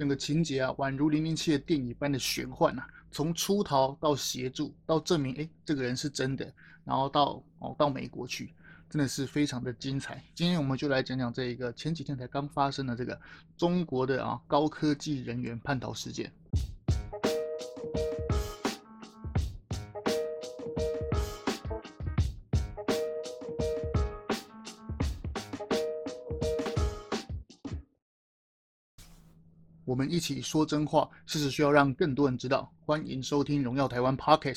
整個情節啊，宛如《零零七》的電影般的玄幻啊。從出逃到協助，到證明誒、欸、這個人是真的，然後到哦到美國去，真的是非常的精彩。今天我們就來講講這一個前幾天才剛發生的這個中國的啊高科技人員叛逃事件。嗯我們一起說真話，事實需要讓更多人知道。歡迎收聽《榮耀台灣 Podcast》。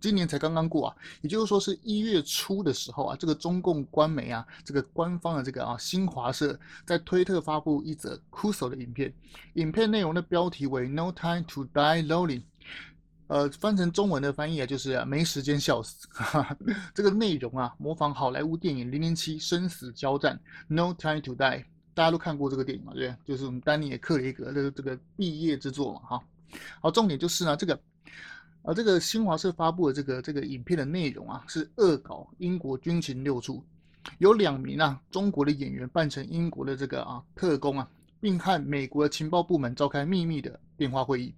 今年才剛剛過啊，也就是說是一月初的時候啊，這個中共官媒啊，這個官方的這個啊新華社，在推特發佈一則 kuso 的影片。影片內容的標題為 “No Time to Die Lonely”，呃，翻成中文的翻譯啊，就是、啊、沒時間笑死。 這個內容啊，模仿好萊塢電影《零零七：生死交戰》，No Time to Die。大家都看過這個電影嘛，對不對？就是我們丹尼爾·克雷格的這個畢業之作嘛，哈。好，重點就是呢，啊，這個啊，這個新華社發布的這個這個影片的內容啊，是惡搞英國軍情六處，有兩名啊中國的演員扮成英國的這個啊特工啊，並和美國的情報部門召開秘密的電話會議。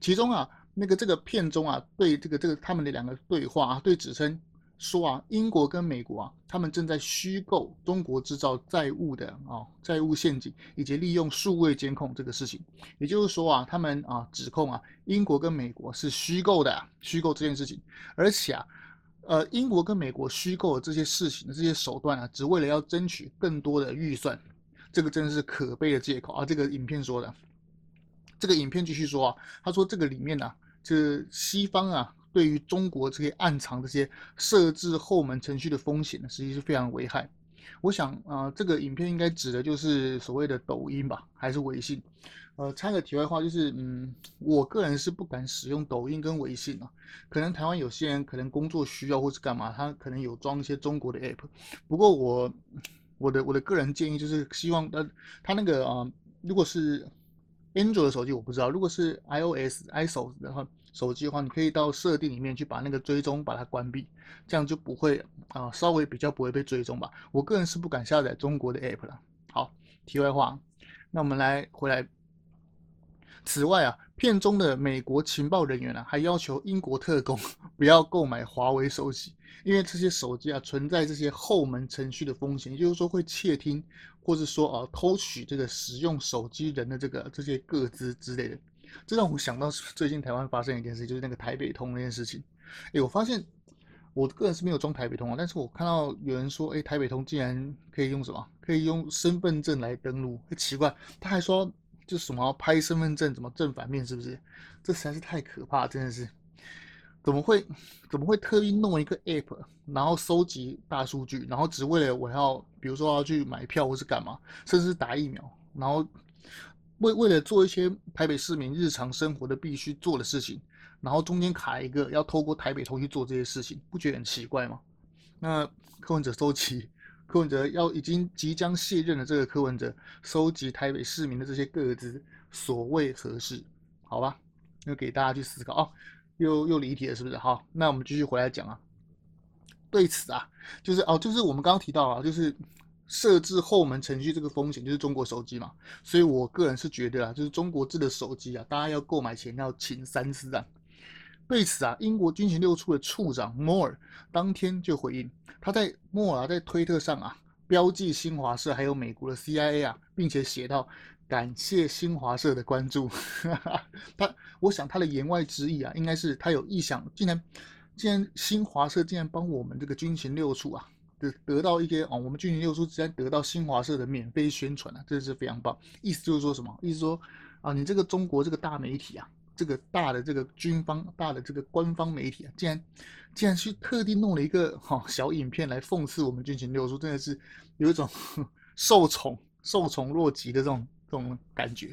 其中啊，那個這個片中啊，對這個這個他們的兩個對話啊，對指稱。說啊，英國跟美國啊，他們正在虛構中國制造債務的啊、哦、債務陷阱，以及利用數位監控這個事情。也就是說啊，他們啊指控啊，英國跟美國是虛構的，虛構這件事情。而且啊，呃，英國跟美國虛構的這些事情的這些手段啊，只為了要爭取更多的預算，這個真的是可悲的借口啊。這個影片說的，這個影片繼續說啊，他說這個裡面呢、啊，就是西方啊。對於中國這些暗藏這些設置後門程序的風險呢，實際是非常危害。我想啊、呃，這個影片應該指的就是所謂的抖音吧，還是微信？呃，插個題外話，就是嗯，我個人是不敢使用抖音跟微信啊。可能台灣有些人可能工作需要或是幹嘛，他可能有裝一些中國的 app。不過我我的我的個人建議就是，希望他他那個啊、呃，如果是 Android 的手機，我不知道；如果是 iOS，iOS 的話，手機的話，你可以到設定裡面去把那個追蹤把它關閉，這樣就不會啊、呃，稍微比較不會被追蹤吧。我個人是不敢下載中國的 app 了。好，題外話，那我們來回來。此外啊，片中的美國情報人員呢、啊，還要求英國特工不要購買華為手機，因為這些手機啊存在這些後門程序的風險，也就是說會竊聽，或者說啊偷取這個使用手機人的這個這些個資之類的。這讓我想到最近台灣發生一件事，就是那個台北通那件事情。誒，我發現我個人是沒有裝台北通啊，但是我看到有人說，誒，台北通竟然可以用什麼？可以用身份證來登錄，很奇怪。他還說，就是什麼拍身份證，怎麼正反面，是不是？這實在是太可怕，真的是，怎麼會？怎麼會特意弄一個 app，然後收集大數據，然後只為了我要，比如說要去買票或是幹嘛，甚至是打疫苗，然後。為為了做一些台北市民日常生活的必須做的事情，然後中間卡一個要透過台北通去做這些事情，不覺得很奇怪嗎？那柯文哲收集，柯文哲要，已經即將卸任的這個柯文哲收集台北市民的這些個資，所為何事？好吧，又給大家去思考啊、哦，又又離題了，是不是？好，那我們繼續回來講啊。對此啊，就是哦，就是我們剛剛提到啊，就是。設置後門程序這個風險就是中國手機嘛，所以我個人是覺得啊，就是中國製的手機啊，大家要購買前要請三思啊。對此啊，英國軍情六處的處長摩爾當天就回應，他在莫爾在推特上啊，標記新華社還有美國的 CIA 啊，並且寫道，感謝新華社的關注。 他，我想他的言外之意啊，應該是他有意想，竟然竟然新華社竟然幫我們這個軍情六處啊。得得到一些哦，我們軍情六處竟然得到新華社的免費宣傳啊，這是非常棒。意思就是說什麼？意思說啊，你這個中國這個大媒體啊，這個大的這個軍方大的這個官方媒體啊，竟然竟然去特地弄了一個哈、哦、小影片來諷刺我們軍情六處，真的是有一種受寵受寵若驚的這種這種感覺。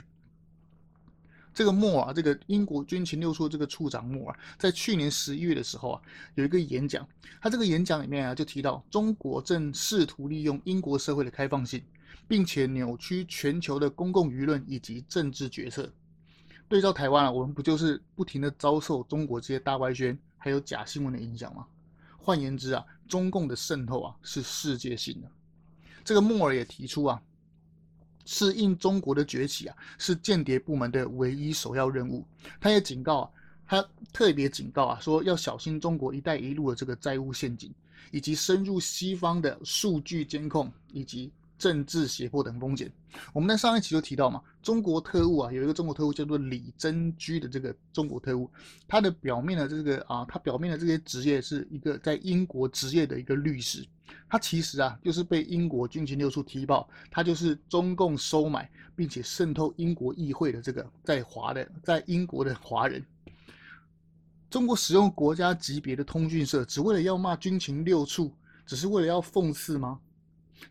這個莫爾啊，這個英國軍情六處這個處長莫爾啊，在去年十一月的時候啊，有一個演講。他這個演講裡面啊，就提到中國正試圖利用英國社會的開放性，並且扭曲全球的公共輿論以及政治決策。對照台灣啊，我們不就是不停的遭受中國這些大外宣還有假新聞的影響嗎？換言之啊，中共的滲透啊是世界性的。這個莫爾也提出啊。適應中國的崛起啊，是間諜部門的唯一首要任務。他也警告啊，他特別警告啊，說要小心中國“一帶一路”的這個債務陷阱，以及深入西方的數據監控，以及，政治脅迫等風險。我們在上一期就提到嘛，中國特務啊，有一個中國特務叫做李貞駒的這個中國特務，他的表面的這個啊，他表面的這些職業是一個在英國職業的一個律師，他其實啊，就是被英國軍情六處踢爆，他就是中共收買並且滲透英國議會的這個在華的在英國的華人。中國使用國家級別的通訊社，只為了要罵軍情六處，只是為了要諷刺嗎？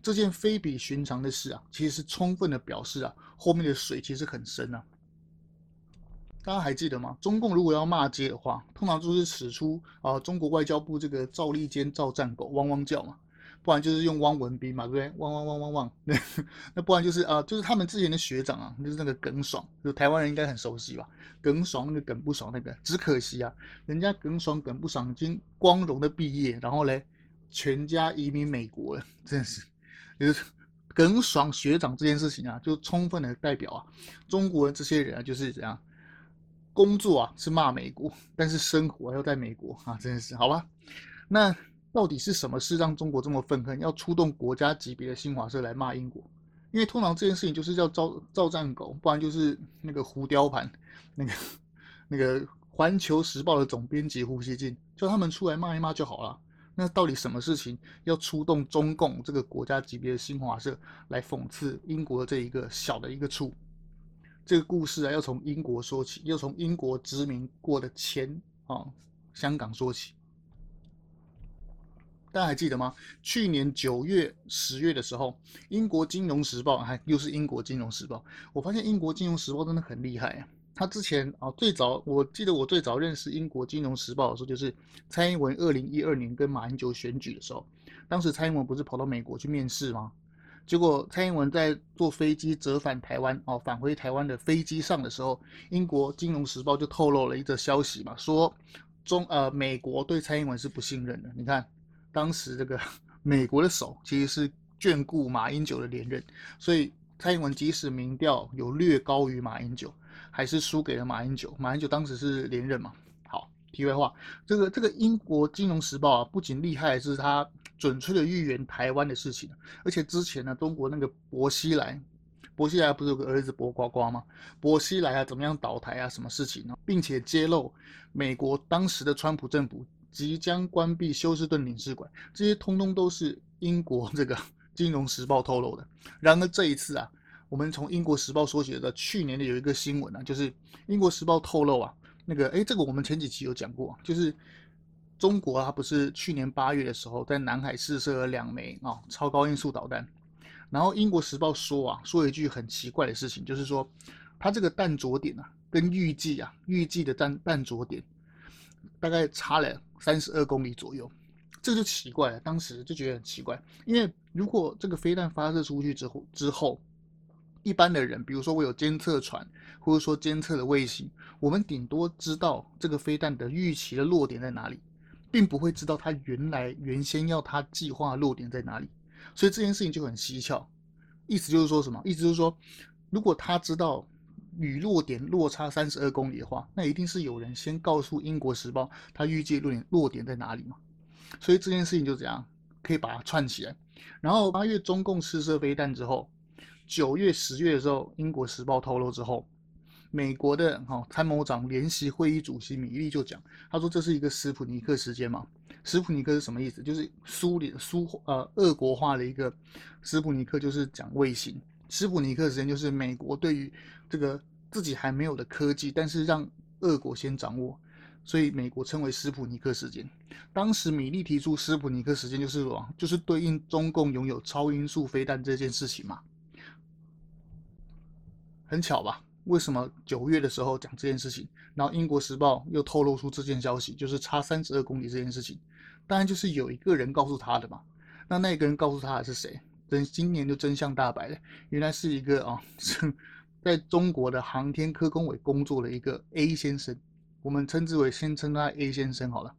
這件非比尋常的事啊，其實是充分的表示啊，後面的水其實很深啊。大家還記得嗎？中共如果要罵街的話，通常就是使出啊、呃，中國外交部這個趙立堅、趙戰狗汪汪叫嘛，不然就是用汪文斌嘛，對不對？汪汪汪汪汪汪。那不然就是啊、呃，就是他們之前的學長啊，就是那個耿爽，就台灣人應該很熟悉吧？耿爽那個耿不爽那個，只可惜啊，人家耿爽耿不爽，已經光榮的畢業，然後嘞，全家移民美國了，真的是。就是耿爽學長這件事情啊，就充分的代表啊，中國人這些人啊，就是怎樣工作啊是罵美國，但是生活要、啊、在美國啊，真的是好吧？那到底是什麼事讓中國這麼憤恨，要出動國家級別的新華社來罵英國？因為通常這件事情就是叫趙趙戰狗，不然就是那個胡叼盤，那個那個《環球時報》的總編輯胡錫進，叫他們出來罵一罵就好了。那到底什麼事情要出動中共這個國家級別的新華社來諷刺英國的這一個小的一個處？這個故事啊，要從英國說起，要從英國殖民過的前啊、哦、香港說起。大家還記得嗎？去年九月、十月的時候，英國金融時報還又是英國金融時報，我發現英國金融時報真的很厲害啊。他之前啊，最早我記得我最早認識英國金融時報的時候，就是蔡英文二零一二年跟馬英九選舉的時候，當時蔡英文不是跑到美國去面試嗎？結果蔡英文在坐飛機折返台灣哦，返回台灣的飛機上的時候，英國金融時報就透露了一則消息嘛，說中呃美國對蔡英文是不信任的。你看當時這個美國的手其實是眷顧馬英九的連任，所以。蔡英文即使民調有略高於馬英九，還是輸給了馬英九。馬英九當時是連任嘛？好，題外話，這個這個英國金融時報啊，不僅厲害，是他準確的預言台灣的事情，而且之前呢，中國那個薄熙來，薄熙來不是有個兒子薄瓜瓜嗎？薄熙來啊怎麼樣倒台啊什麼事情呢？並且揭露美國當時的川普政府即將關閉休斯頓領事館，這些通通都是英國這個。金融時報透露的。然而這一次啊，我們從英國時報所寫的去年的有一個新聞啊，就是英國時報透露啊，那個哎、欸，這個我們前幾期有講過，就是中國啊，不是去年八月的時候在南海試射了兩枚啊超高音速導彈。然後英國時報說啊，說一句很奇怪的事情，就是說它這個彈着點啊，跟預計啊，預計的彈彈着點大概差了三十二公里左右。這就奇怪了，當時就覺得很奇怪，因為如果這個飛彈發射出去之後之後，一般的人，比如說我有監測船，或者說監測的衛星，我們頂多知道這個飛彈的預期的落點在哪裡，並不會知道它原來原先要它計劃落點在哪裡，所以這件事情就很蹊蹺。意思就是說什麼？意思就是說，如果他知道與落點落差32公里的話，那一定是有人先告訴《英國時報》他預計落點落點在哪裡嘛？所以這件事情就這樣，可以把它串起來。然後八月中共試射飛彈之後，九月、十月的時候，《英國時報》透露之後，美國的參謀長聯席會議主席米利就講，他說這是一個“斯普尼克”時間嘛？“斯普尼克”是什麼意思？就是蘇聯、蘇呃俄國化，的一個“斯普尼克”，就是講衛星。“斯普尼克”時間就是美國對於這個自己還沒有的科技，但是讓俄國先掌握。所以美國稱為“斯普尼克事件”。當時米利提出“斯普尼克事件”就是說，就是對應中共擁有超音速飛彈這件事情嘛。很巧吧？為什麼九月的時候講這件事情，然後《英國時報》又透露出這件消息，就是差三十二公里這件事情，當然就是有一個人告訴他的嘛。那那個人告訴他的是誰？等今年就真相大白了，原來是一個啊，在中國的航天科工委工作的一個 A 先生。我們稱之為先稱他 A 先生好了。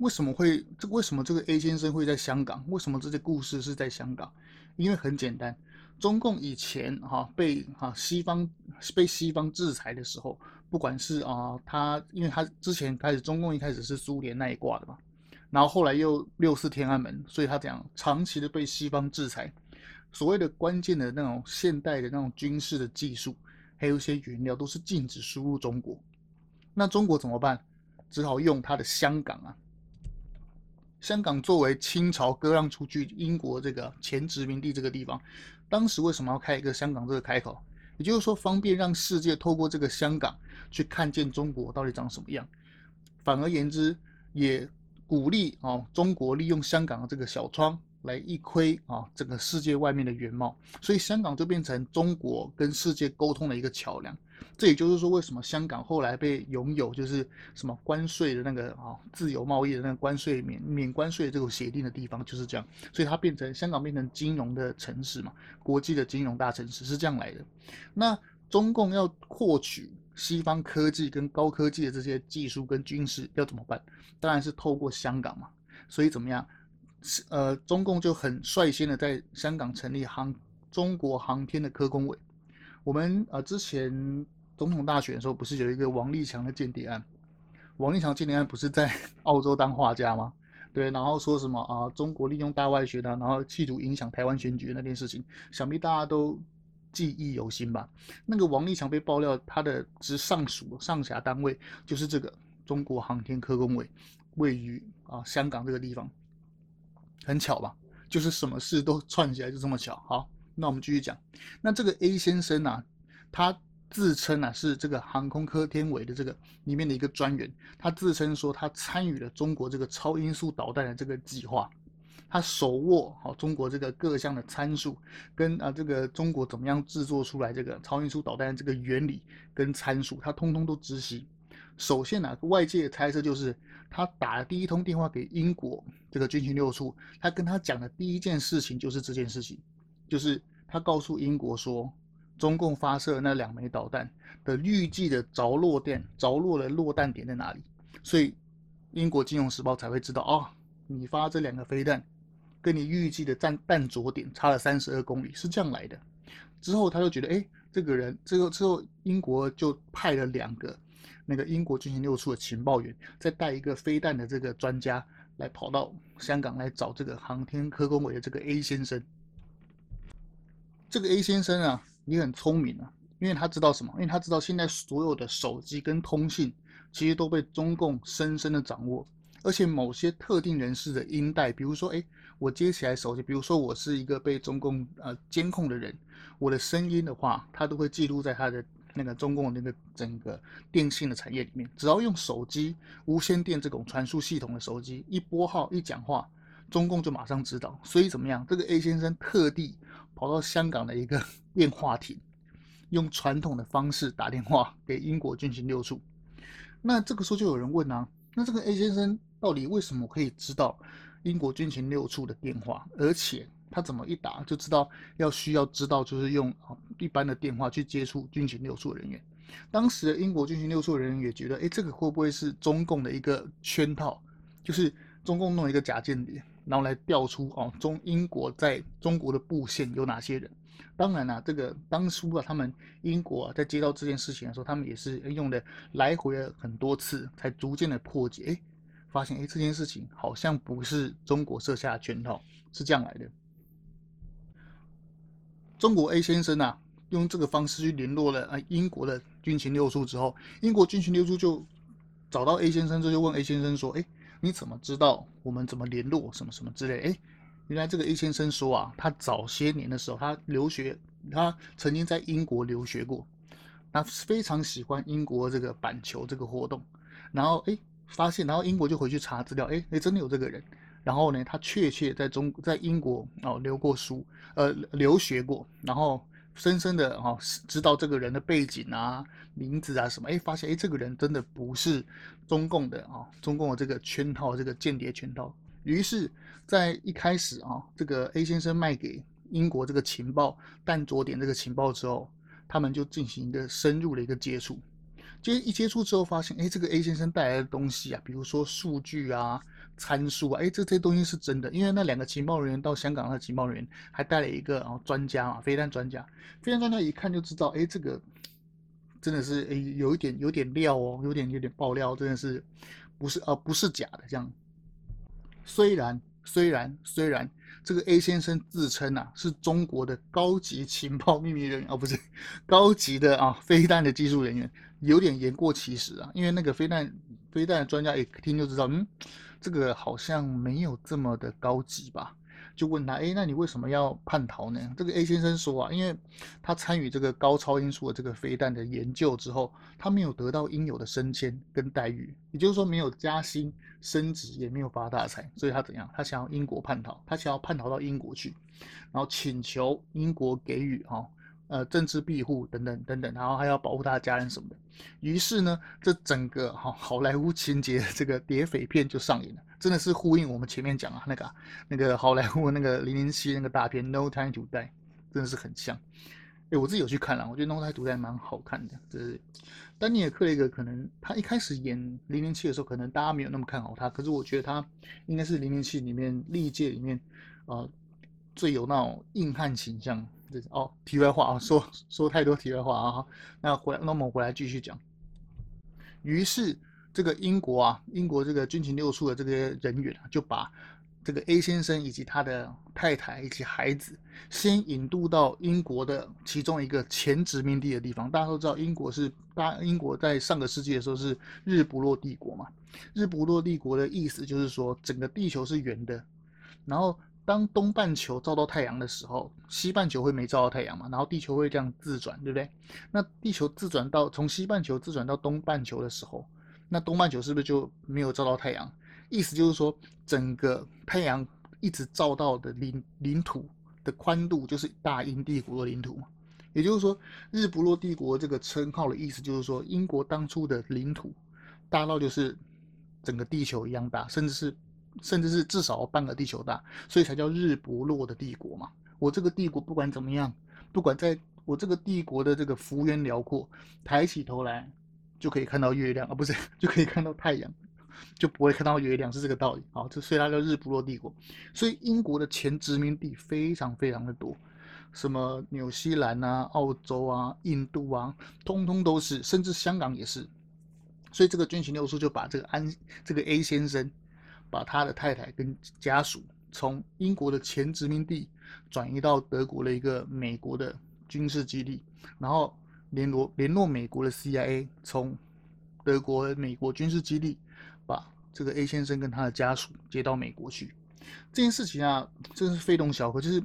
為什麼會這？為什麼這個 A 先生會在香港？為什麼這些故事是在香港？因為很簡單，中共以前哈、啊、被哈、啊、西方被西方制裁的時候，不管是啊他，因為他之前開始，中共一開始是蘇聯那一掛的嘛，然後後來又六四天安門，所以他這樣長期的被西方制裁，所謂的關鍵的那種現代的那種軍事的技術。還有一些原料都是禁止輸入中國，那中國怎麼辦？只好用它的香港啊。香港作為清朝割讓出去英國這個前殖民地這個地方，當時為什麼要開一個香港這個開口？也就是說，方便讓世界透過這個香港去看見中國到底長什麼樣。反而言之，也鼓勵啊中國利用香港的這個小窗。來一窺啊，整個世界外面的原貌，所以香港就變成中國跟世界溝通的一個橋樑。這也就是說，為什麼香港後來被擁有，就是什麼關稅的那個啊，自由貿易的那個關稅免免關稅的這個協定的地方，就是這樣。所以它變成香港變成金融的城市嘛，國際的金融大城市是這樣來的。那中共要獲取西方科技跟高科技的這些技術跟軍事，要怎麼辦？當然是透過香港嘛。所以怎麼樣？呃，中共就很率先的在香港成立航中國航天的科工委。我們呃之前總統大選的時候，不是有一個王立強的間諜案？王立強的間諜案不是在澳洲當畫家嗎？對，然後說什麼啊、呃，中國利用大外宣、啊，然後企圖影響台灣選舉那件事情，想必大家都記憶猶新吧？那個王立強被爆料，他的直上屬上轄單位就是這個中國航天科工委，位於啊、呃、香港這個地方。很巧吧？就是什麼事都串起來，就這麼巧。好，那我們繼續講。那這個 A 先生啊，他自稱啊是這個航空科天委的這個裡面的一個專員。他自稱說他參與了中國這個超音速導彈的這個計劃，他手握好中國這個各項的參數，跟啊這個中國怎麼樣製作出來這個超音速導彈這個原理跟參數，他通通都知悉。首先呢、啊，外界的猜測就是他打了第一通電話給英國這個軍情六處，他跟他講的第一件事情就是這件事情，就是他告訴英國說，中共發射那兩枚導彈的預計的着落點，着落的落彈點在哪裡？所以英國金融時報才會知道啊、哦，你發這兩個飛彈，跟你預計的彈着點差了三十二公里，是這樣來的。之後他就覺得，哎，這個人，這個之後英國就派了兩個。那個英國軍情六處的情報員，再帶一個飛彈的這個專家來，跑到香港來找這個航天科工委的這個 A 先生。這個 A 先生啊，你很聰明啊，因為他知道什麼？因為他知道現在所有的手機跟通信，其實都被中共深深的掌握，而且某些特定人士的音帶，比如說，哎，我接起來手機，比如說我是一個被中共呃監控的人，我的聲音的話，他都會記錄在他的。那個中共的那個整個電信的產業裡面，只要用手機、無線電這種傳輸系統的手機一撥號一講話，中共就馬上知道。所以怎麼樣？這個 A 先生特地跑到香港的一個電話亭，用傳統的方式打電話給英國軍情六處。那這個時候就有人問啊，那這個 A 先生到底為什麼可以知道英國軍情六處的電話，而且？他怎麼一打就知道要需要知道，就是用啊一般的電話去接觸軍情六處人員。嗯、當時的英國軍情六處人員也覺得，哎，這個會不會是中共的一個圈套？就是中共弄一個假間諜，然後來調出啊、哦、中英國在中國的布線有哪些人？當然啦、啊，這個當初啊，他們英國、啊、在接到這件事情的時候，他們也是用的來回了很多次，才逐漸的破解。哎，發現哎這件事情好像不是中國設下的圈套，是這樣來的。中國 A 先生吶啊，用這個方式去聯絡了啊英國的軍情六處之後，英國軍情六處就找到 A 先生，就就問 A 先生說：“哎，你怎麼知道我們怎麼聯絡？什麼什麼之類？”哎，原來這個 A 先生說啊，他早些年的時候，他留學，他曾經在英國留學過，他非常喜歡英國這個板球這個活動，然後哎發現，然後英國就回去查資料，哎，哎真的有這個人。然後呢，他確切在中在英國哦留過書，呃，留學過，然後深深的哦知道這個人的背景啊、名字啊什麼，哎，發現哎，這個人真的不是中共的啊、哦，中共的這個圈套，這個間諜圈套。於是，在一開始啊、哦，這個 A 先生賣給英國這個情報，彈著點這個情報之後，他們就進行一個深入的一個接觸，接一接觸之後，發現哎，這個 A 先生帶來的東西啊，比如說數據啊。參數啊，哎，這這些東西是真的，因為那兩個情報人員，到香港的情報人員還帶了一個啊專家啊，飛彈專家，飛彈專家一看就知道，哎，這個真的是哎，有一點有點料哦，有點有點爆料，真的是，不是啊，不是假的這樣。雖然雖然雖然雖然，這個 A 先生自稱吶是中國的高級情報秘密人員啊，不是高級的啊飛彈的技術人員，有點言過其實啊，因為那個飛彈飛彈專家一聽就知道，嗯。這個好像沒有這麼的高級吧？就問他誒，那你為什麼要叛逃呢？這個 A 先生說啊，因為他參與這個高超音速的這個飛彈的研究之後，他沒有得到應有的升遷跟待遇，也就是說沒有加薪、升職，也沒有發大財，所以他怎樣？他想要英國叛逃，他想要叛逃到英國去，然後請求英國給予哈。哦呃，政治庇護等等等等，然後還要保護他的家人什麼的。於是呢，這整個好、哦、好萊塢情節，這個諜匪片就上演了。真的是呼應我們前面講啊，那個、啊、那個好萊塢那個零零七那個大片《No Time to Die》，真的是很像。哎，我自己有去看了，我覺得《No Time to Die》蠻好看的。就是丹尼爾·克雷格，可能他一開始演零零七的時候，可能大家沒有那麼看好他，可是我覺得他應該是零零七裡面歷屆裡面啊、呃、最有那種硬漢形象。哦，題外話啊，說說太多題外話啊，那回來那我們回來繼續講。於是這個英國啊，英國這個軍情六處的這些人員啊，就把這個 A 先生以及他的太太以及孩子，先引渡到英國的其中一個前殖民地的地方。大家都知道英，英國是大英國，在上個世紀的時候是日不落帝國嘛。日不落帝國的意思就是說，整個地球是圓的，然後。當東半球照到太陽的時候，西半球會沒照到太陽嘛？然後地球會這樣自轉，對不對？那地球自轉到，從西半球自轉到東半球的時候，那東半球是不是就沒有照到太陽？意思就是說，整個太陽一直照到的領領土的寬度，就是大英帝國的領土嘛。也就是說，日不落帝國這個稱號的意思，就是說英國當初的領土大到就是整個地球一樣大，甚至是。甚至是至少半個地球大，所以才叫日不落的帝國嘛。我這個帝國不管怎麼樣，不管在我這個帝國的這個幅員遼闊，抬起頭來就可以看到月亮啊，不是就可以看到太陽，就不會看到月亮，是這個道理啊。這所以它叫日不落帝國。所以英國的前殖民地非常非常的多，什麼紐西蘭啊、澳洲啊、印度啊，通通都是，甚至香港也是。所以這個軍情六處就把這個安這個 A 先生。把他的太太跟家屬從英國的前殖民地轉移到德國的一個美國的軍事基地，然後聯絡聯絡美國的 CIA，從德國美國軍事基地把這個 A 先生跟他的家屬接到美國去。這件事情啊，真是非同小可。就是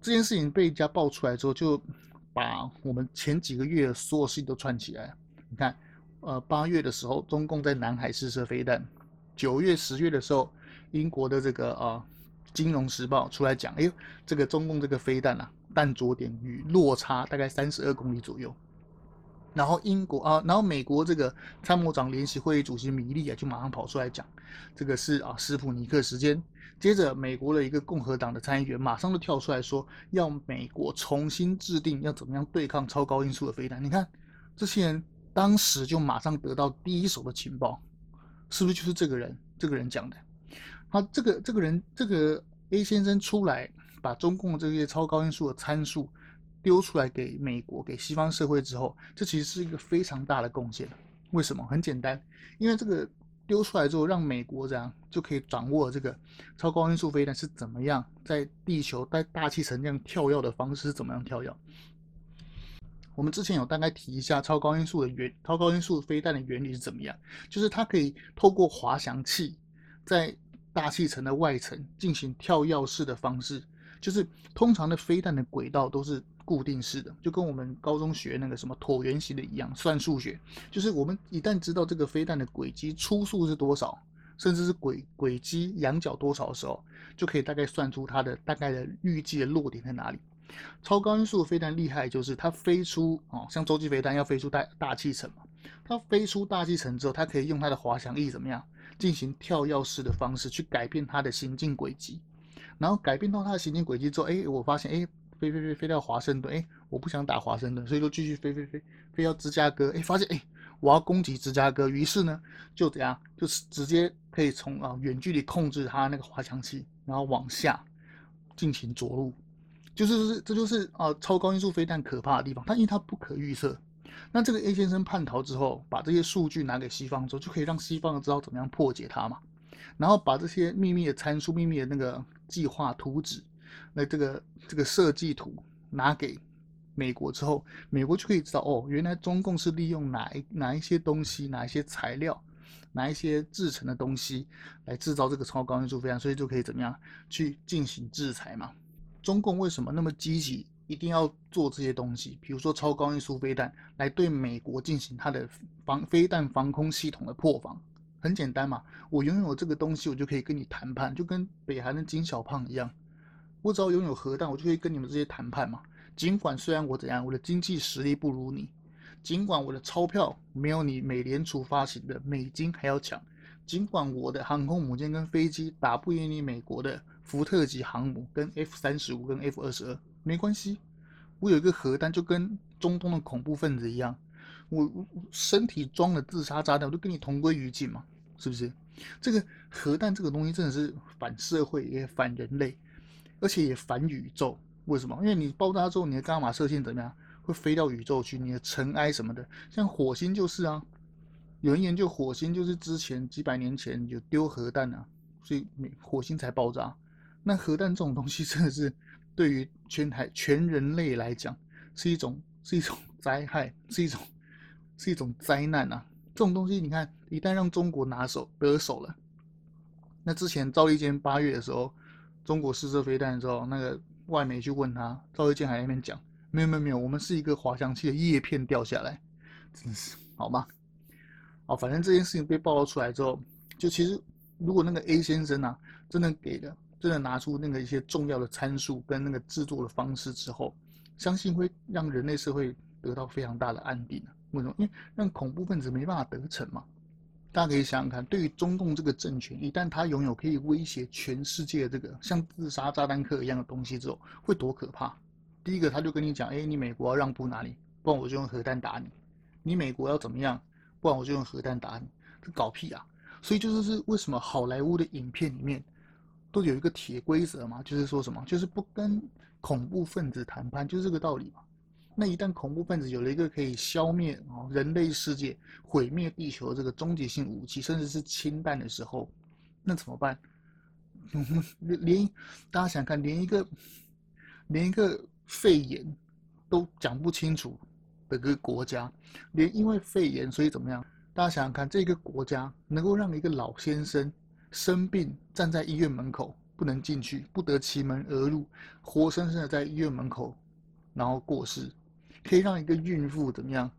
這件事情被人家爆出來之後，就把我們前幾個月所有事情都串起來。你看，呃，八月的時候，中共在南海試射飛彈。九月、十月的時候，英國的這個啊《金融時報》出來講，哎呦，這個中共這個飛彈啊，彈着點與落差大概三十二公里左右。然後英國啊，然後美國這個參謀長聯席會議主席米利啊，就馬上跑出來講，這個是啊斯普尼克時間。接着，美國的一個共和黨的參議員馬上就跳出來說，要美國重新制定要怎麼樣對抗超高音速的飛彈。你看，這些人當時就馬上得到第一手的情報。是不是就是這個人？這個人講的，他這個這個人，這個 A 先生出來把中共這些超高音速的參數丟出來給美國、給西方社會之後，這其實是一個非常大的貢獻。為什麼？很簡單，因為這個丟出來之後，讓美國這樣就可以掌握這個超高音速飛彈是怎麼樣在地球、在大氣層這樣跳躍的方式，怎麼樣跳躍。我們之前有大概提一下超高音速的原超高音速飛彈的原理是怎麼樣，就是它可以透過滑翔器在大氣層的外層進行跳躍式的方式，就是通常的飛彈的軌道都是固定式的，就跟我們高中學那個什麼橢圓形的一樣，算數學，就是我們一旦知道這個飛彈的軌跡初速是多少，甚至是軌軌跡仰角多少的時候，就可以大概算出它的大概的預計的落點在哪裡。超高音速非常厲害，就是它飛出啊、哦，像洲際飛彈要飛出大大氣層嘛。它飛出大氣層之後，它可以用它的滑翔翼怎麼樣進行跳躍式的方式去改變它的行進軌跡，然後改變到它的行進軌迹之後，哎、欸，我發現哎、欸，飛飛飛飛飛到華盛頓，哎、欸，我不想打華盛頓，所以說繼續飛飛飛飛到芝加哥，哎、欸，發現哎、欸，我要攻擊芝加哥，於是呢，就這樣，就是直接可以從啊遠距離控制它那個滑翔器，然後往下進行着陸。就是是，這就是啊、呃，超高音速飛彈可怕的地方，它因為它不可預測。那這個 A 先生叛逃之後，把這些數據拿給西方之後，就可以讓西方知道怎麼樣破解它嘛。然後把這些秘密的參數、秘密的那個計劃圖紙、那這個這個設計圖拿給美國之後，美國就可以知道哦，原來中共是利用哪一哪一些東西、哪一些材料、哪一些製成的東西來製造這個超高音速飛彈，所以就可以怎麼樣去進行制裁嘛。中共為什麼那麼積極，一定要做這些東西？比如說超高音速飛彈，來對美國進行它的防飛彈防空系統的破防。很簡單嘛，我擁有這個東西，我就可以跟你談判，就跟北韓的金小胖一樣，我只要擁有核彈，我就可以跟你們這些談判嘛。儘管雖然我怎樣，我的經濟實力不如你，儘管我的鈔票沒有你美聯儲發行的美金還要強，儘管我的航空母艦跟飛機打不贏你美國的。福特級航母跟 F 三十五跟 F 二十二沒關係，我有一個核彈，就跟中東的恐怖分子一樣，我，我身體裝了自殺炸彈，我就跟你同歸於盡嘛，是不是？這個核彈這個東西真的是反社會，也反人類，而且也反宇宙。為什麼？因為你爆炸之後，你的伽馬射線怎麼樣？會飛到宇宙去，你的塵埃什麼的，像火星就是啊。有人研究火星，就是之前幾百年前有丟核彈啊，所以火星才爆炸。那核彈這種東西，真的是對於全台全人類來講，是一種是一種災害，是一種是一種災難啊，這種東西，你看，一旦讓中國拿手得手了，那之前趙立堅八月的時候，中國試射飛彈的時候，那個外媒去問他，趙立堅還在那邊講：“沒有沒有沒有，我們是一個滑翔器的葉片掉下來。”真的是好嗎？好，反正這件事情被暴露出來之後，就其實如果那個 A 先生吶、啊，真的給了，真的拿出那個一些重要的參數跟那個製作的方式之後，相信會讓人類社會得到非常大的安定。為什麼？因為讓恐怖分子沒辦法得逞嘛。大家可以想想看，對於中共這個政權，一旦他擁有可以威脅全世界的這個像自殺炸彈客一樣的東西之後，會多可怕？第一個，他就跟你講：“哎，你美國要讓步哪裡，不然我就用核彈打你；你美國要怎麼樣，不然我就用核彈打你。”這搞屁啊！所以就是是為什麼好萊塢的影片裡面，都有一個鐵規則嘛，就是說什麼，就是不跟恐怖分子談判，就是這個道理嘛。那一旦恐怖分子有了一個可以消滅哦人類世界、毀滅地球這個終極性武器，甚至是氫彈的時候，那怎麼辦？呵呵連大家想看，連一個連一個肺炎都講不清楚的一個國家，連因為肺炎所以怎麼樣？大家想想看，這個國家能夠讓一個老先生？生病站在醫院門口不能進去，不得其門而入，活生生的在醫院門口，然後過世。可以讓一個孕婦怎麼樣？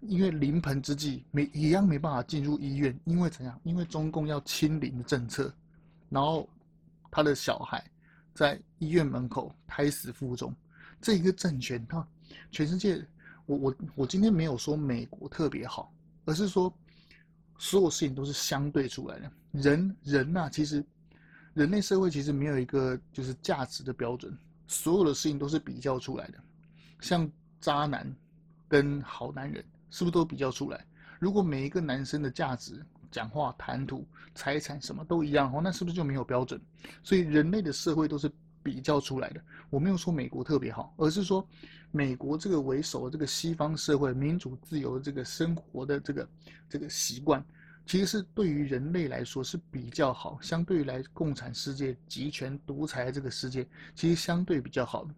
因為臨盆之際沒一樣沒辦法進入醫院，因為怎樣？因為中共要清零的政策，然後他的小孩在醫院門口胎死腹中。這一個政權，他全世界，我我我今天沒有說美國特別好，而是說所有事情都是相對出來的。人人吶、啊，其實人類社會其實沒有一個就是價值的標準，所有的事情都是比較出來的。像渣男跟好男人，是不是都比較出來？如果每一個男生的價值、講話、談吐、財產什麼都一樣、哦，那是不是就沒有標準？所以人類的社會都是比較出來的。我沒有說美國特別好，而是說美國這個為首的這個西方社會民主自由的這個生活的這個這個習慣。其實是對於人類來說是比較好，相對於來共產世界，集權、獨裁的這個世界，其實相對比較好的。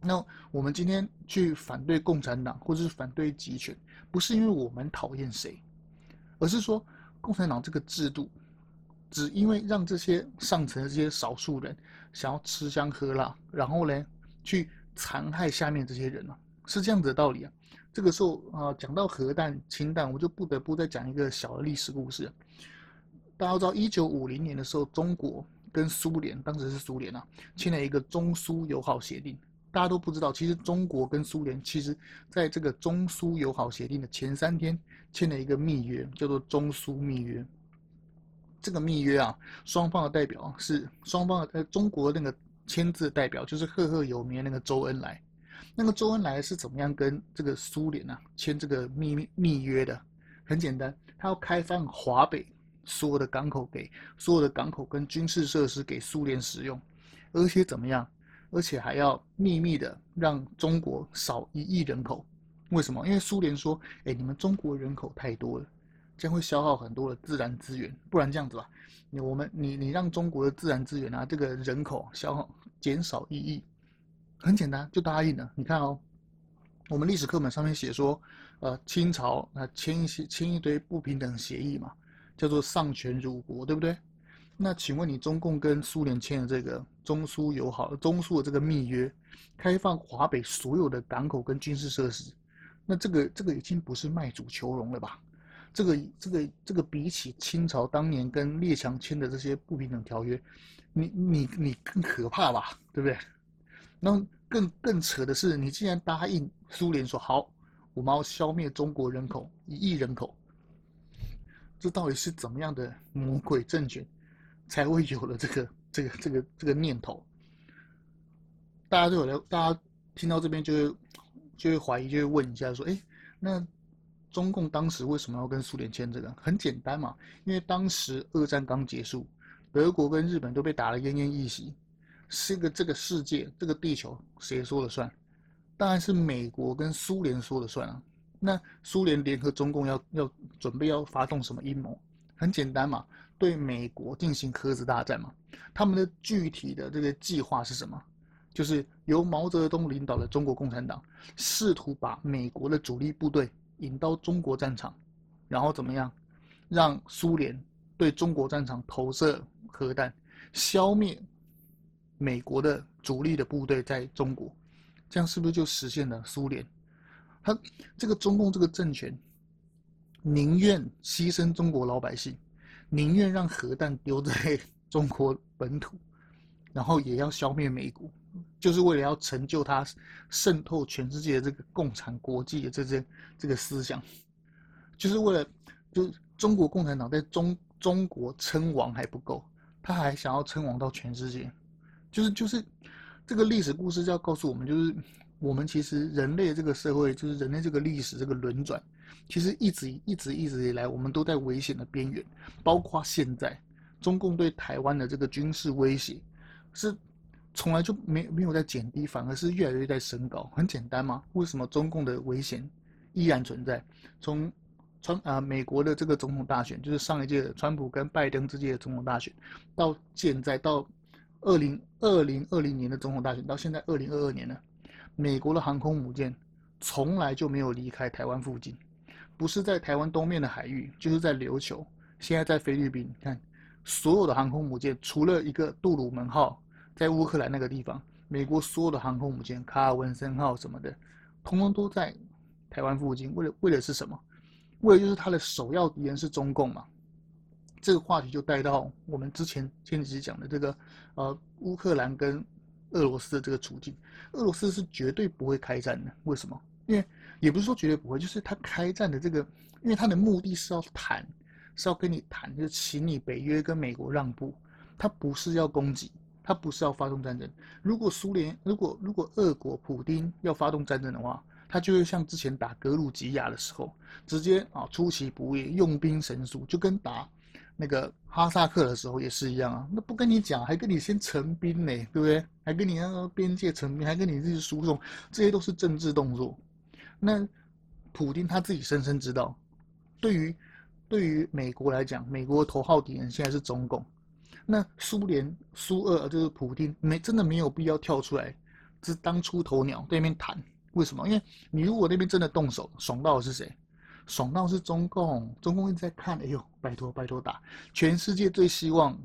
那我們今天去反對共產黨或者是反對集權，不是因為我們討厭誰，而是說共產黨這個制度，只因為讓這些上層的這些少數人想要吃香喝辣，然後呢去殘害下面這些人啊，是這樣子的道理啊。這個時候啊，呃，講到核彈、氫彈，我就不得不再講一個小的歷史故事。大家知道，一九五零年的時候，中國跟蘇聯，當時是蘇聯啊，簽了一個中蘇友好協定。大家都不知道，其實中國跟蘇聯，其實在這個中蘇友好協定的前三天，簽了一個密約，叫做中蘇密約。這個密約啊，雙方的代表是雙方的，呃，中國那個簽字代表就是赫赫有名的那個周恩來。那麼周恩來是怎麼樣跟這個蘇聯啊簽這個秘密密約的？很簡單，他要開放華北所有的港口給所有的港口跟軍事設施給蘇聯使用，而且怎麼樣？而且還要秘密的讓中國少一億人口。為什麼？因為蘇聯說，哎，你們中國人口太多了，將會消耗很多的自然資源，不然這樣子吧，你我們你你讓中國的自然資源啊，這個人口消耗減少一億。很簡單，就答應了。你看哦，我們歷史課本上面寫說，呃，清朝那簽一些簽一堆不平等協議嘛，叫做喪權辱國，對不對？那請問你，中共跟蘇聯簽的這個中蘇友好、中蘇的這個密約，開放華北所有的港口跟軍事設施，那這個這個已經不是賣主求榮了吧？這個這個這個比起清朝當年跟列強簽的這些不平等條約，你你你更可怕吧？對不對？那更更扯的是，你既然答應蘇聯說好，我們要消滅中國人口一億人口，這到底是怎麼樣的魔鬼政權，才會有了這個這個這個這個念頭？大家都有了，大家聽到這邊就會就會懷疑，就會問一下說：哎，那中共當時為什麼要跟蘇聯簽這個？很簡單嘛，因為當時二戰剛結束，德國跟日本都被打得奄奄一息。是個這個世界，這個地球，誰說了算？當然是美國跟蘇聯說了算啊。那蘇聯聯合中共要要準備要發動什麼陰謀？很簡單嘛，對美國進行核子大戰嘛。他們的具體的這個計劃是什麼？就是由毛澤東領導的中國共產黨試圖把美國的主力部隊引到中國戰場，然後怎麼樣讓蘇聯對中國戰場投射核彈，消滅。美國的主力的部隊在中國，這樣是不是就實現了蘇聯？他這個中共這個政權寧願犧牲中國老百姓，寧願讓核彈丟在中國本土，然後也要消滅美國，就是為了要成就他滲透全世界的這個共產國際的這些這個思想，就是為了就中國共產黨在中中國稱王還不夠，他還想要稱王到全世界。就是就是，這個歷史故事要告訴我們，就是我們其實人類這個社會，就是人類這個歷史這個輪轉，其實一直一直一直以來，我們都在危險的邊緣，包括現在中共對台灣的這個軍事威脅，是從來就沒沒有在減低，反而是越來越來越在升高。很簡單嘛，為什麼中共的危險依然存在？從川啊、呃、美國的這個總統大選，就是上一屆的川普跟拜登之間的總統大選，到現在到。二零二零二零年的總統大選到現在二零二二年了，美國的航空母艦從來就沒有離開台灣附近，不是在台灣東面的海域，就是在琉球，現在在菲律賓。你看，所有的航空母艦除了一個杜魯門號在烏克蘭那個地方，美國所有的航空母艦卡爾文森號什麼的，通通都在台灣附近。為了為的是什麼？為的就是它的首要敵人是中共嘛。這個話題就帶到我們之前前幾集講的這個，呃，烏克蘭跟俄羅斯的這個處境。俄羅斯是絕對不會開戰的，為什麼？因為也不是說絕對不會，就是他開戰的這個，因為他的目的是要談，是要跟你談，就是請你北約跟美國讓步，他不是要攻擊，他不是要發動戰爭。如果蘇聯，如果如果俄國普丁要發動戰爭的話，他就會像之前打格魯吉亞的時候，直接啊出其不意，用兵神速，就跟打。那個哈薩克的時候也是一樣啊，那不跟你講，還跟你先成兵呢、欸，對不對？還跟你那個邊界成兵，還跟你自己輸送，這些都是政治動作。那普丁他自己深深知道，對於對於美國來講，美國頭號敵人現在是中共。那蘇聯蘇俄就是普丁，沒真的沒有必要跳出來，只當出頭鳥對那邊談。為什麼？因為你如果那邊真的動手，爽到的是誰？爽到是中共，中共一直在看，哎呦，拜託拜託打！全世界最希望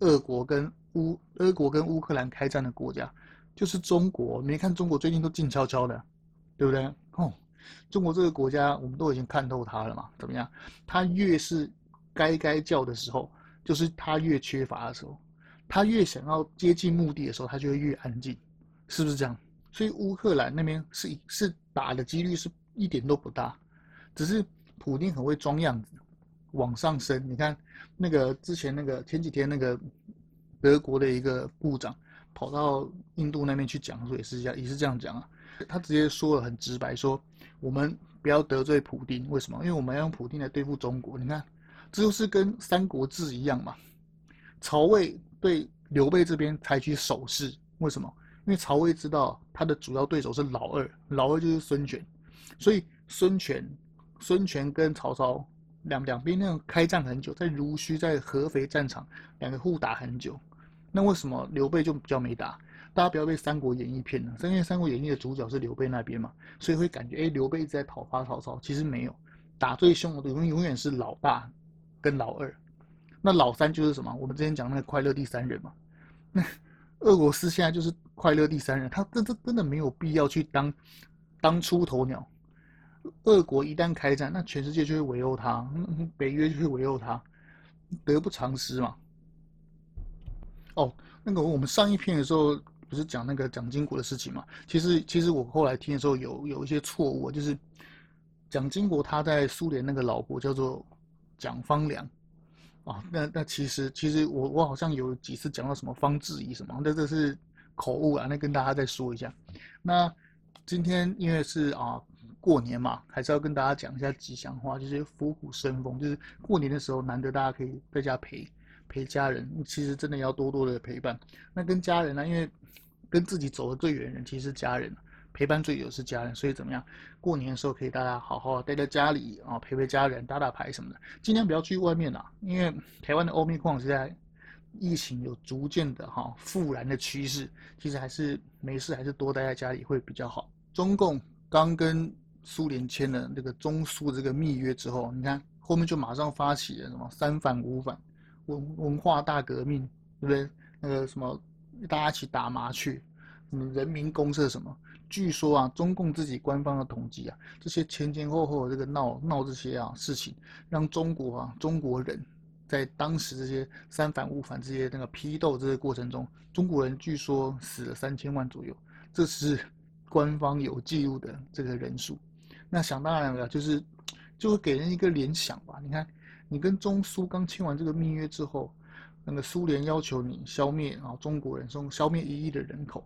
俄國跟烏、俄國跟烏克蘭開戰的國家，就是中國。沒看中國最近都靜悄悄的，對不對？哦，中國這個國家，我們都已經看透它了嘛？怎麼樣？它越是該該叫的時候，就是它越缺乏的時候，它越想要接近目的的時候，它就會越安靜，是不是這樣？所以烏克蘭那邊是是打的幾率是一點都不大。只是普丁很會裝樣子，往上升。你看那個之前那個前幾天那個德國的一個部長跑到印度那邊去講，說也是這樣，也是這樣講啊。他直接說了很直白說，說我們不要得罪普丁，為什麼？因為我們要用普丁來對付中國。你看，這就是跟《三國志》一樣嘛。曹魏對劉備這邊採取守勢，為什麼？因為曹魏知道他的主要對手是老二，老二就是孫權，所以孫權。孫權跟曹操兩兩邊那種開戰很久，在濡須，在合肥戰場兩個互打很久，那為什麼劉備就比較沒打？大家不要被《三國演義》騙了，因為《三國演義》的主角是劉備那邊嘛，所以會感覺哎，劉備一直在討伐曹操，其實沒有打最凶的永永遠是老大跟老二，那老三就是什麼？我們之前講那個快樂第三人嘛，那俄羅斯現在就是快樂第三人，他真真真的沒有必要去當當出頭鳥。俄國一旦開戰，那全世界就會圍毆他，北約就會圍毆他，得不償失嘛。哦，那個我們上一篇的時候不是講那個蔣經國的事情嘛？其實，其實我後來聽的時候有有一些錯誤，就是蔣經國他在蘇聯那個老婆叫做蔣方良啊。那那其實其實我我好像有幾次講到什麼方志毅什麼，那這是口誤啊。那跟大家再說一下。那今天因為是啊。過年嘛，還是要跟大家講一下吉祥話，就是虎虎生風。就是過年的時候，難得大家可以在家陪陪家人，其實真的要多多的陪伴。那跟家人呢、啊，因為跟自己走得最遠的人其實是家人，陪伴最久是家人，所以怎麼樣？過年的時候可以大家好好待在家裡啊，陪陪家人，打打牌什麼的，盡量不要去外面啦、啊。因為台灣的歐米礦現在，疫情有逐漸的哈復燃的趨勢，其實還是沒事，還是多待在家裡會比較好。中共剛跟蘇聯簽了那個中蘇這個密約之後，你看後面就馬上發起了什麼三反五反文文化大革命，對不對？那個什麼大家一起打麻雀，什麼人民公社什麼。據說啊，中共自己官方的統計啊，這些前前後後這個鬧鬧這些啊事情，讓中國啊中國人在當時這些三反五反這些那個批鬥這些過程中，中國人據說死了三千萬左右，這是官方有記錄的這個人數。那想當然了，就是，就會給人一個聯想吧。你看，你跟中蘇剛簽完這個密約之後，那個蘇聯要求你消滅啊中國人，說消滅一億的人口，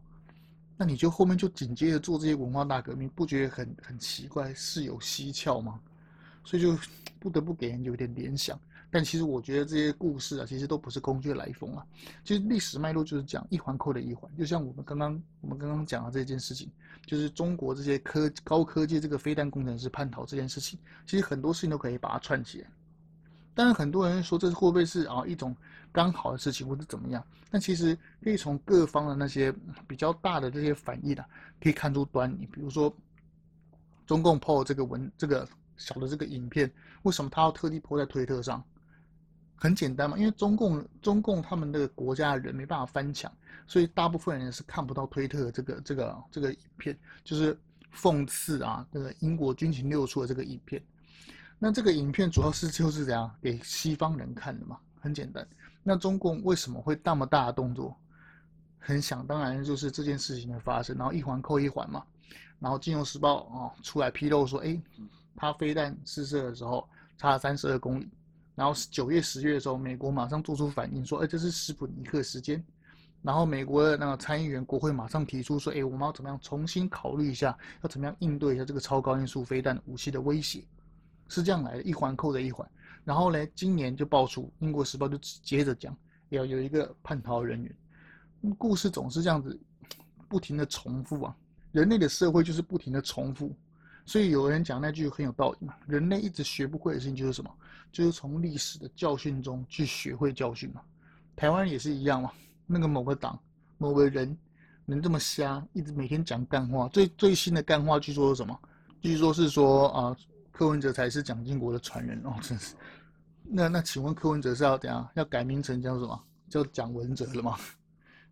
那你就後面就緊接着做這些文化大革命，不覺得很很奇怪，事有蹊蹺嗎？所以就不得不給人有點聯想。但其實我覺得這些故事啊，其實都不是空穴來風啊。其實歷史脈絡就是講一環扣的一環，就像我們剛剛我們剛剛講的這件事情，就是中國這些科高科技這個飛彈工程師叛逃這件事情，其實很多事情都可以把它串起來。當然，很多人說這是會不會是啊一種剛好的事情，或者怎麼樣？但其實可以從各方的那些比較大的這些反應啊，可以看出端倪。比如說中共 PO 這個文這個小的這個影片，為什麼他要特地 PO 在推特上？很簡單嘛，因為中共中共他們的國家的人沒辦法翻牆，所以大部分人是看不到推特的這個這個這個影片，就是諷刺啊，那、這個英國軍情六處的這個影片。那這個影片主要是就是這樣給西方人看的嘛，很簡單。那中共為什麼會那麼大的動作？很想當然就是這件事情的發生，然後一環扣一環嘛。然後《金融時報》啊出來披露說，哎、欸，他飛彈試射的時候差了三十二公里。然後九月、十月的時候，美國馬上做出反應，說：“哎，這是史普尼克時間。”然後美國的那個參議員、國會馬上提出說：“哎，我們要怎麼樣重新考慮一下，要怎麼樣應對一下這個超高音速飛彈武器的威脅？”是這樣來的，一環扣着一環。然後呢，今年就爆出《英國時報》就接着講，要有一個叛逃人員。故事總是這樣子，不停的重複啊，人類的社會就是不停的重複。所以有人講那句很有道理嘛，人類一直學不會的事情就是什麼，就是從歷史的教訓中去學會教訓嘛。台灣也是一樣嘛，那個某個黨、某個人能這麼瞎，一直每天講幹話。最最新的幹話據說是什麼？據說是說啊，柯文哲才是蔣經國的傳人哦，真是，是。那那請問柯文哲是要怎樣？要改名成叫什麼？叫蔣文哲了嗎？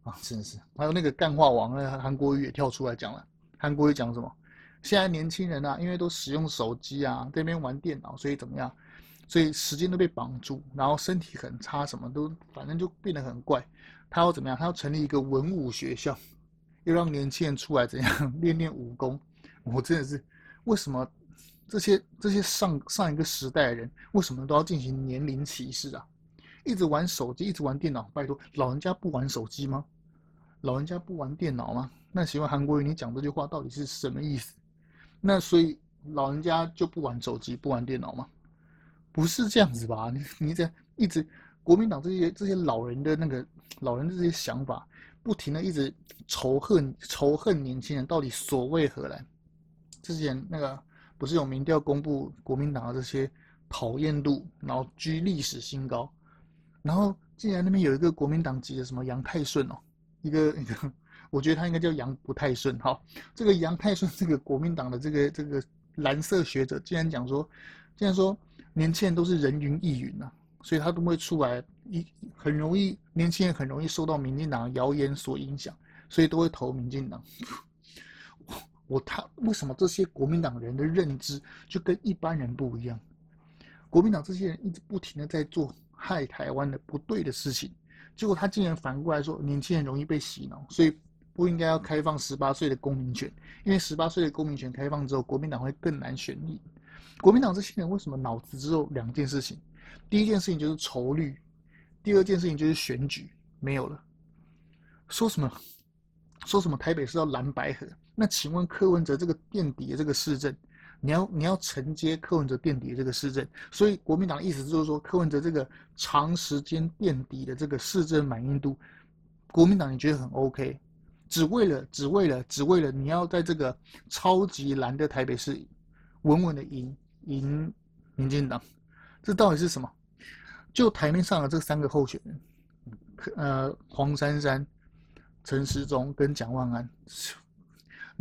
啊，真是，是。還有那個幹話王啊，韓國瑜也跳出來講了，韓國瑜講什麼？現在年輕人啊，因為都使用手機啊，在那邊玩電腦，所以怎麼樣？所以時間都被綁住，然後身體很差，什麼都反正就變得很怪。他要怎麼樣？他要成立一個文武學校，又讓年輕人出來怎樣練練武功？我真的是為什麼這些這些上上一個時代的人為什麼都要進行年齡歧視啊？一直玩手機，一直玩電腦，拜托，老人家不玩手機嗎？老人家不玩電腦嗎？那請問韓國瑜，你講這句話到底是什麼意思？那所以老人家就不玩手機、不玩電腦嗎？不是這樣子吧？你你這一直國民黨這些這些老人的那個老人的這些想法，不停的一直仇恨仇恨年輕人到底所為何來？之前那個不是有民調公布國民黨的這些討厭度，然後居歷史新高，然後竟然那邊有一個國民黨籍的什麼楊泰順哦，一個一個。我覺得他應該叫楊不太順哈，這個楊太順，這個國民黨的這個這個藍色學者，竟然講說，竟然說年輕人都是人云亦云吶、啊，所以他都會出來一很容易，年輕人很容易受到民進黨謠言所影響，所以都會投民進黨。我他為什麼這些國民黨人的認知就跟一般人不一樣？國民黨這些人一直不停的在做害台灣的不對的事情，結果他竟然反過來說年輕人容易被洗腦，所以。不應該要開放十八歲的公民權，因為十八歲的公民權開放之後，國民黨會更難選立。國民黨這些人為什麼腦子只有兩件事情？第一件事情就是仇綠，第二件事情就是選舉沒有了。說什麼？說什麼台北是要藍白合，那請問柯文哲這個墊底的這個市政，你要你要承接柯文哲墊底的這個市政？所以國民黨的意思就是說，柯文哲這個長時間墊底的這個市政滿意度，國民黨你覺得很 OK？只為了，只為了，只為了你要在這個超級藍的台北市，穩穩的贏贏民進黨，這到底是什麼？就台面上的這三個候選人，呃，黃珊珊、陳時中跟蔣萬安，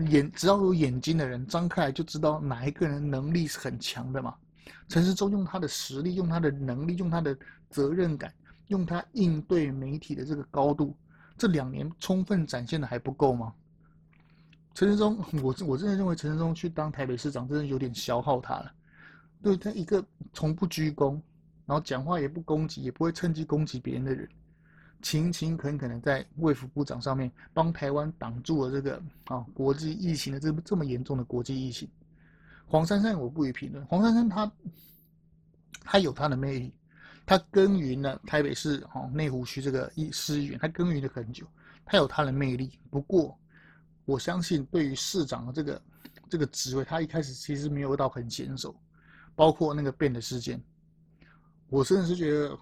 眼只要有眼睛的人張開來就知道哪一個人能力是很強的嘛。陳時中用他的實力，用他的能力，用他的責任感，用他應對媒體的這個高度。這兩年充分展現的還不夠嗎？陳時中，我我真的認為陳時中去當台北市長，真的有點消耗他了。對他一個從不居功，然後講話也不攻擊，也不會趁機攻擊別人的人，勤勤懇懇的在衛福部長上面幫台灣擋住了這個啊、哦、國際疫情的這這麼嚴重的國際疫情。黃珊珊，我不予評論。黃珊珊她、他、他有他的魅力。他耕耘了台北市哦內湖區這個市議員，他耕耘了很久，他有他的魅力。不過，我相信對於市長的這個這個職位，他一開始其實沒有到很嫻熟。包括那個變的事件。我真的是覺得，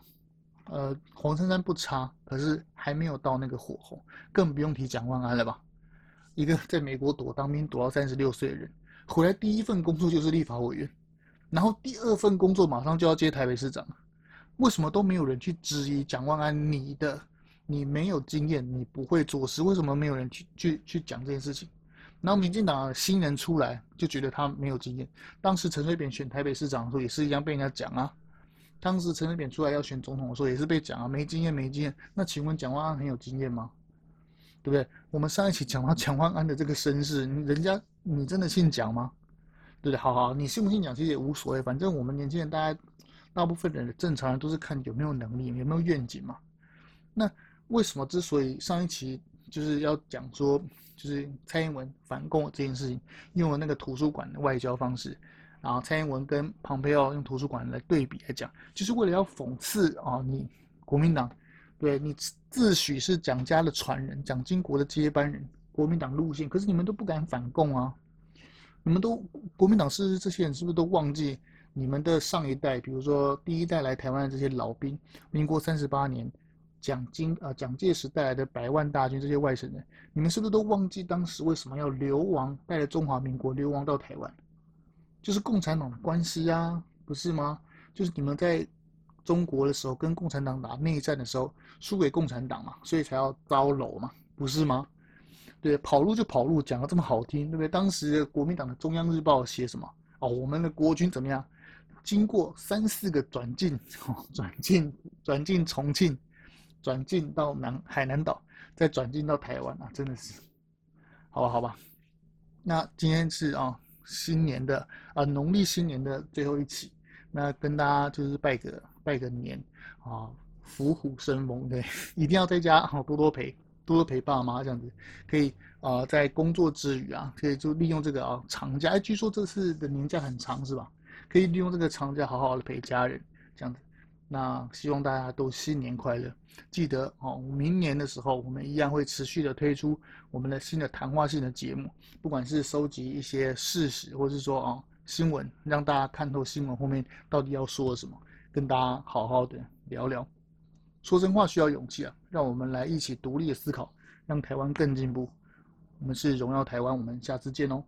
呃，黃珊珊不差，可是還沒有到那個火候，更不用提蔣萬安了吧？一個在美國躲當兵躲到三十六歲的人，回來第一份工作就是立法委員，然後第二份工作馬上就要接台北市長。為什麼都沒有人去質疑蔣萬安？你的，你沒有經驗，你不會做事，為什麼沒有人去去去講這件事情？然後民進黨新人出來就覺得他沒有經驗。當時陳水扁選台北市長的時候也是一樣被人家講啊。當時陳水扁出來要選總統的時候也是被講啊，沒經驗，沒經驗。那請問蔣萬安很有經驗嗎？對不對？我們上一期講到蔣萬安的這個身世，人家你真的姓蔣嗎？對不對？好好，你信不信蔣其實也無所謂，反正我們年輕人大家。大部分人的正常人都是看有沒有能力，有沒有願景嘛。那為什麼之所以上一期就是要講說，就是蔡英文反共這件事情，用了那個圖書館的外交方式，然後蔡英文跟蓬佩奧用圖書館來對比來講，就是為了要諷刺啊，你國民黨對你自詡是蔣家的傳人，蔣經國的接班人，國民黨路線，可是你們都不敢反共啊，你們都國民黨是這些人是不是都忘記？你們的上一代，比如說第一代來台灣的這些老兵，民國三十八年，蔣經啊、呃，蔣介石帶來的百萬大軍，這些外省人，你們是不是都忘記當時為什麼要流亡，帶着中華民國流亡到台灣？就是共產黨的關係啊，不是嗎？就是你們在中國的時候跟共產黨打內戰的時候輸給共產黨嘛，所以才要招樓嘛，不是嗎？對，跑路就跑路，講得這麼好聽，對不對？當時國民黨的中央日報寫什麼？哦，我們的國軍怎麼樣？經過三四個轉進，哦，轉進轉進重慶，轉進到南海南島，再轉進到台灣啊，真的是，好吧，好吧。那今天是啊、哦，新年的啊、呃，農曆新年的最後一期，那跟大家就是拜個拜個年啊，福、哦、虎生風，對，一定要在家好、哦、多多陪，多多陪爸媽這樣子，可以啊、呃，在工作之餘啊，可以就利用這個啊、哦、長假，哎，據說這次的年假很長是吧？可以利用這個長假好好的陪家人，這樣子。那希望大家都新年快樂，記得哦，明年的時候我們一樣會持續的推出我們的新的談話性的節目，不管是收集一些事實，或是說哦新聞，讓大家看透新聞後面到底要說什麼，跟大家好好的聊聊。說真話需要勇氣啊，讓我們來一起獨立的思考，讓台灣更進步。我們是榮耀台灣，我們下次見哦。